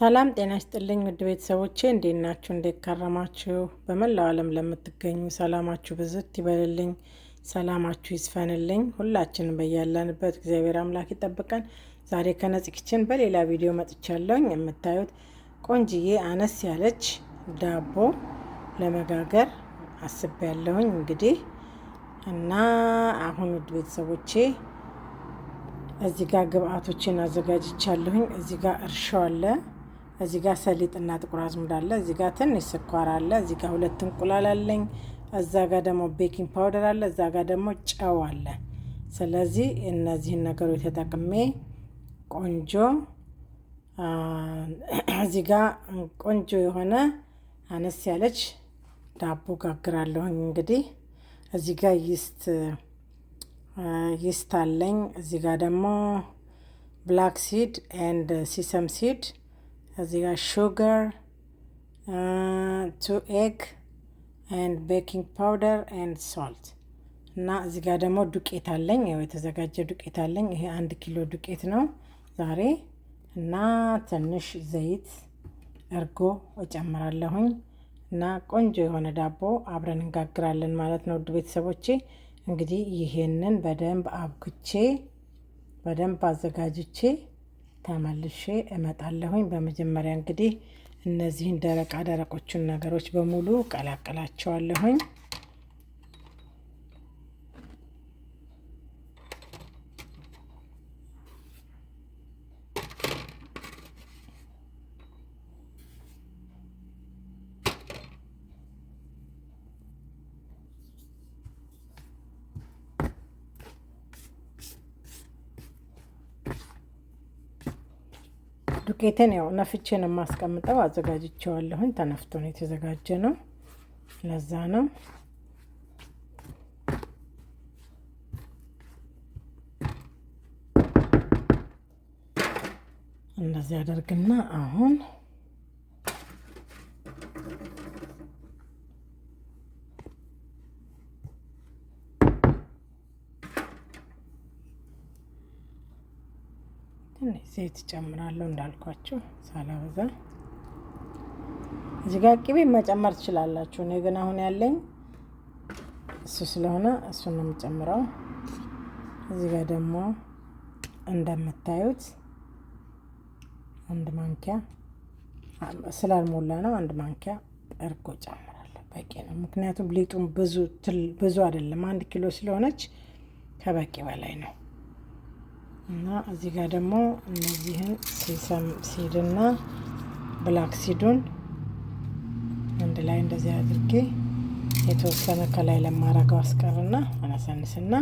ሰላም ጤና ይስጥልኝ ውድ ቤተሰቦቼ እንዴት ናችሁ? እንዴት ከረማችሁ? በመላው ዓለም ለምትገኙ ሰላማችሁ ብዝት ይበልልኝ፣ ሰላማችሁ ይስፈንልኝ። ሁላችንም በያለንበት እግዚአብሔር አምላክ ይጠብቀን። ዛሬ ከነፂ ኪችን በሌላ ቪዲዮ መጥቻለሁኝ። የምታዩት ቆንጅዬ አነስ ያለች ዳቦ ለመጋገር አስቤያለሁኝ እንግዲህ እና አሁን ውድ ቤተሰቦቼ እዚህ ጋር ግብአቶችን አዘጋጅቻለሁኝ። እዚህ ጋር እርሾ አለ እዚህ ጋር ሰሊጥና ጥቁር አዝሙድ አለ። እዚህ ጋር ትንሽ ስኳር አለ። እዚህ ጋር ሁለት እንቁላል አለኝ። እዛ ጋር ደግሞ ቤኪንግ ፓውደር አለ። እዛ ጋር ደግሞ ጨው አለ። ስለዚህ እነዚህን ነገሮች ተጠቅሜ ቆንጆ እዚህ ጋር ቆንጆ የሆነ አነስ ያለች ዳቦ ጋግራለሁኝ። እንግዲህ እዚህ ጋር ይስት ይስት አለኝ። እዚህ ጋር ደግሞ ብላክ ሲድ ኤንድ ሲሰም ሲድ እዚህ ጋር ሹገር ቱ ኤግ ኤንድ ቤኪንግ ፓውደር ኤንድ ሶልት እና እዚህ ጋር ደግሞ ዱቄት አለኝ። ያው የተዘጋጀ ዱቄት አለኝ። ይሄ አንድ ኪሎ ዱቄት ነው ዛሬ እና ትንሽ ዘይት እርጎ እጨምራለሁኝ እና ቆንጆ የሆነ ዳቦ አብረን እንጋግራለን ማለት ነው። ውድ ቤተሰቦቼ እንግዲህ ይሄንን በደንብ አብኩቼ በደንብ አዘጋጅቼ ተመልሼ እመጣለሁኝ። በመጀመሪያ እንግዲህ እነዚህን ደረቃ ደረቆቹን ነገሮች በሙሉ ቀላቅላቸዋለሁኝ። ዱቄትን ያው ነፍቼን የማስቀምጠው አዘጋጅቼዋለሁኝ። ተነፍቶ ነው የተዘጋጀ ነው፣ ለዛ ነው። እንደዚህ አደርግና አሁን ትንሽ ዘይት ጨምራለሁ እንዳልኳችሁ ሳላበዛ። እዚህ ጋር ቅቤ መጨመር ትችላላችሁ። እኔ ግን አሁን ያለኝ እሱ ስለሆነ እሱን ነው የምጨምረው። እዚህ ጋር ደግሞ እንደምታዩት አንድ ማንኪያ ስላልሞላ ነው አንድ ማንኪያ እርጎ ጨምራለሁ። በቂ ነው፣ ምክንያቱም ሊጡም ብዙ ብዙ አይደለም። አንድ ኪሎ ስለሆነች ከበቂ በላይ ነው። እና እዚህ ጋር ደግሞ እነዚህን ሲድና ብላክ ሲዱን አንድ ላይ እንደዚህ አድርጌ የተወሰነ ከላይ ለማረገው አስቀርና አናሳንስና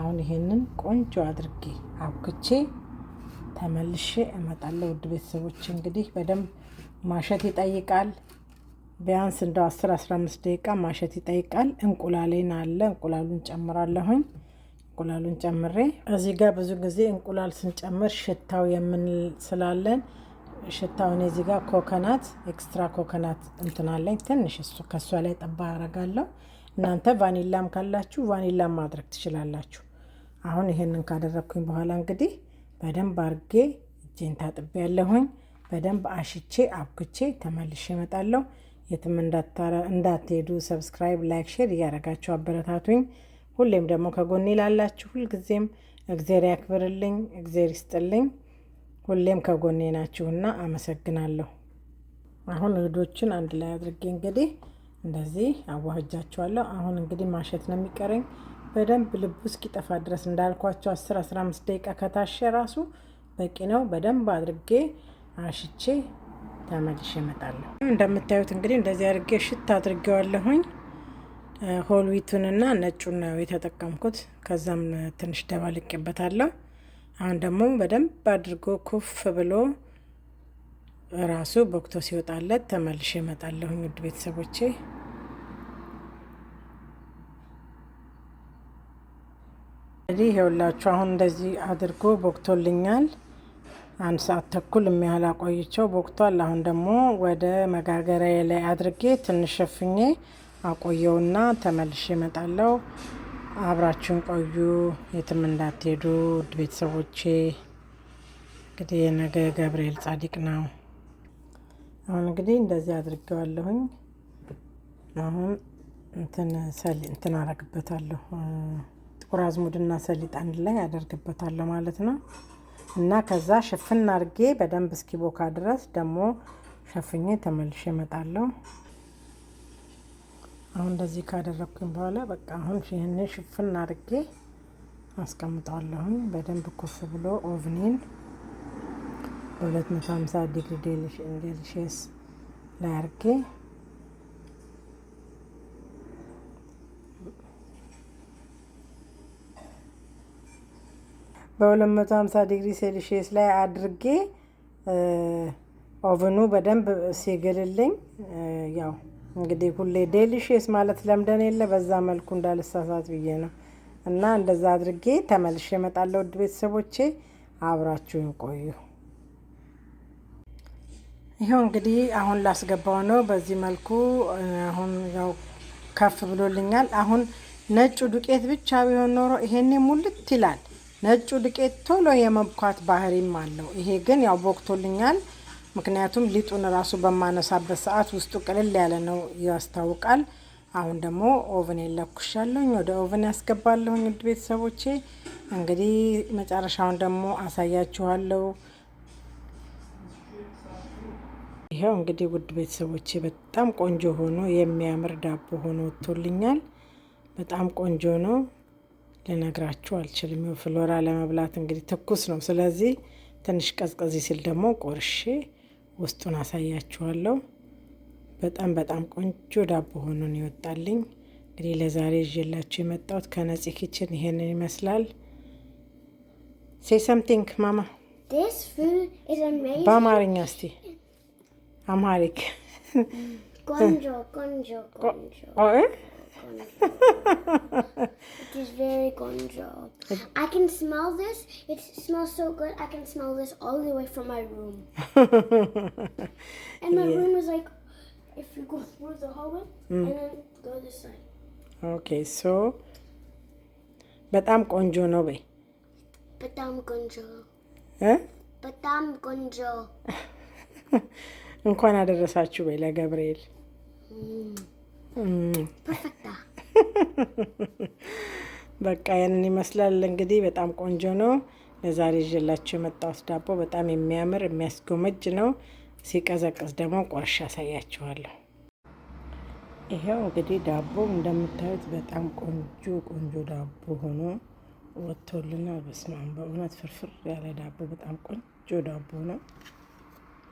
አሁን ይሄንን ቆንጆ አድርጌ አብክቼ ተመልሼ እመጣለሁ። ውድ ቤተሰቦች እንግዲህ በደንብ ማሸት ይጠይቃል። ቢያንስ እንደው አስራ አምስት ደቂቃ ማሸት ይጠይቃል። እንቁላሌን አለ እንቁላሉን ጨምራለሁኝ። እንቁላሉን ጨምሬ እዚህ ጋር ብዙ ጊዜ እንቁላል ስንጨምር ሽታው የምንል ስላለን ሽታውን እዚህ ጋር ኮኮናት ኤክስትራ ኮኮናት እንትናለኝ ትንሽ እሱ ከእሷ ላይ ጠባ አረጋለሁ። እናንተ ቫኒላም ካላችሁ ቫኒላም ማድረግ ትችላላችሁ። አሁን ይሄንን ካደረግኩኝ በኋላ እንግዲህ በደንብ አርጌ እጄን ታጥቤ ያለሁኝ በደንብ አሽቼ አብኩቼ ተመልሼ እመጣለሁ። የትም እንዳትሄዱ፣ ሰብስክራይብ፣ ላይክ፣ ሼር እያረጋችሁ አበረታቱኝ። ሁሌም ደግሞ ከጎኔ ላላችሁ ሁልጊዜም እግዜር ያክብርልኝ፣ እግዜር ይስጥልኝ። ሁሌም ከጎኔ ናችሁና አመሰግናለሁ። አሁን እህዶችን አንድ ላይ አድርጌ እንግዲህ እንደዚህ አዋህጃቸዋለሁ። አሁን እንግዲህ ማሸት ነው የሚቀረኝ። በደንብ ልቡ እስኪጠፋ ድረስ እንዳልኳቸው 10 15 ደቂቃ ከታሸ ራሱ በቂ ነው። በደንብ አድርጌ አሽቼ ተመልሼ እመጣለሁ። እንደምታዩት እንግዲህ እንደዚህ አድርጌ ሽት አድርጌዋለሁኝ። ሆልዊቱንና ነጩን ነው የተጠቀምኩት። ከዛም ትንሽ ደባልቄበታለሁ። አሁን ደግሞ በደንብ አድርጎ ኩፍ ብሎ ራሱ ቦክቶ ሲወጣለት ተመልሼ እመጣለሁ። ውድ ቤተሰቦቼ እንግዲህ ይኸውላችሁ አሁን እንደዚህ አድርጎ ቦክቶልኛል። አንድ ሰዓት ተኩል የሚያህል አቆይቼው ቦክቷል። አሁን ደግሞ ወደ መጋገሪያ ላይ አድርጌ ትንሽ ሸፍኜ አቆየውና ተመልሼ እመጣለሁ። አብራችሁን ቆዩ፣ የትም እንዳትሄዱ ውድ ቤተሰቦቼ። እንግዲህ የነገ ገብርኤል ጻዲቅ ነው። አሁን እንግዲህ እንደዚህ አድርገዋለሁኝ። አሁን እንትን እንትን አረግበታለሁ ጥቁር አዝሙድና ሰሊጥ አንድ ላይ አደርግበታለሁ ማለት ነው። እና ከዛ ሽፍን አድርጌ በደንብ እስኪቦካ ድረስ ደግሞ ሸፍኜ ተመልሼ እመጣለሁ። አሁን እንደዚህ ካደረግኩኝ በኋላ በቃ አሁን ይህንን ሽፍን አድርጌ አስቀምጠዋለሁኝ። በደንብ ኩፍ ብሎ ኦቭኒን በ250 ዲግሪ ዴልሽስ ላይ አድርጌ በ250 ዲግሪ ሴልሺየስ ላይ አድርጌ ኦቨኑ በደንብ ሲግልልኝ ያው እንግዲህ ሁሌ ዴሊሽስ ማለት ለምደን የለ በዛ መልኩ እንዳልሳሳት ብዬ ነው። እና እንደዛ አድርጌ ተመልሼ እመጣለሁ። ውድ ቤተሰቦቼ አብራችሁን ቆዩ። ይኸው እንግዲህ አሁን ላስገባው ነው በዚህ መልኩ። አሁን ያው ከፍ ብሎልኛል። አሁን ነጩ ዱቄት ብቻ ቢሆን ኖሮ ይሄኔ ሙልት ይላል። ነጩ ዱቄት ቶሎ የመብኳት ባህሪም አለው። ይሄ ግን ያው ቦክቶልኛል። ምክንያቱም ሊጡን ራሱ በማነሳበት ሰዓት ውስጡ ቅልል ያለ ነው ያስታውቃል። አሁን ደግሞ ኦቨን ለኩሻለሁኝ ወደ ኦቨን ያስገባለሁኝ። ውድ ቤተሰቦቼ እንግዲህ መጨረሻውን ደግሞ አሳያችኋለሁ። ይኸው እንግዲህ ውድ ቤተሰቦቼ በጣም ቆንጆ ሆኖ የሚያምር ዳቦ ሆኖ ወጥቶልኛል። በጣም ቆንጆ ነው፣ ልነግራችሁ አልችልም። ፍሎራ ለመብላት እንግዲህ ትኩስ ነው። ስለዚህ ትንሽ ቀዝቀዝ ሲል ደግሞ ቆርሼ ውስጡን አሳያችኋለሁ። በጣም በጣም ቆንጆ ዳቦ ሆኖን ይወጣልኝ። እንግዲህ ለዛሬ ይዤላችሁ የመጣሁት ከነፂ ኪችን ይሄንን ይመስላል። ሴ ሰምቲንግ ማማ በአማርኛ እስቲ አማሪክ ቆንጆ ቆንጆ ቆንጆ it is very gonzo. I can smell this. It smells so good. I can smell this all the way from my room. and my yeah. room is like, if you go through the hallway mm. and then go this side. Okay, so. But I'm I'm conjo. በይ። በጣም ቆንጆ እ በጣም ቆንጆ እንኳን አደረሳችሁ በይ ለገብርኤል። በቃ ያንን ይመስላል እንግዲህ። በጣም ቆንጆ ነው። ለዛሬ ይዤላችሁ የመጣሁት ዳቦ በጣም የሚያምር የሚያስጎመጅ ነው። ሲቀዘቅዝ ደግሞ ቆርሼ አሳያችኋለሁ። ይሄው እንግዲህ ዳቦ እንደምታዩት በጣም ቆንጆ ቆንጆ ዳቦ ሆኖ ወጥቶልናል። በስመ አብ በእውነት ፍርፍር ያለ ዳቦ በጣም ቆንጆ ዳቦ ነው።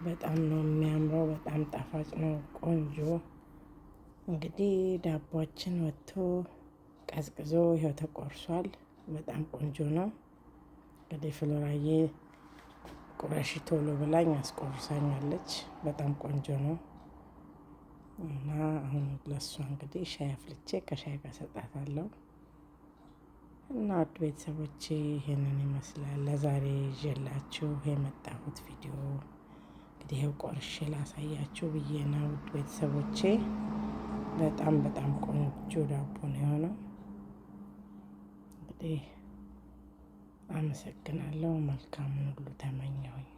በጣም ነው የሚያምረው። በጣም ጣፋጭ ነው። ቆንጆ እንግዲህ ዳቦችን ወጥቶ ቀዝቅዞ ይኸው ተቆርሷል። በጣም ቆንጆ ነው። እንግዲህ ፍሎራዬ ቁረሽ ቶሎ ብላኝ አስቆርሳኛለች። በጣም ቆንጆ ነው እና አሁን ለሷ እንግዲህ ሻይ አፍልቼ ከሻይ ጋር ሰጣታለሁ። እና ውድ ቤተሰቦቼ ይሄንን ይመስላል ለዛሬ ይዤላችሁ የመጣሁት ቪዲዮ እንግዲህ ይኸው ቆርሼ ላሳያችሁ ብዬ ነው ውድ ቤተሰቦቼ በጣም በጣም ቆንጆ ዳቦ ነው የሆነው። እንግዲህ አመሰግናለሁ። መልካም ሁሉ ተመኘሁኝ።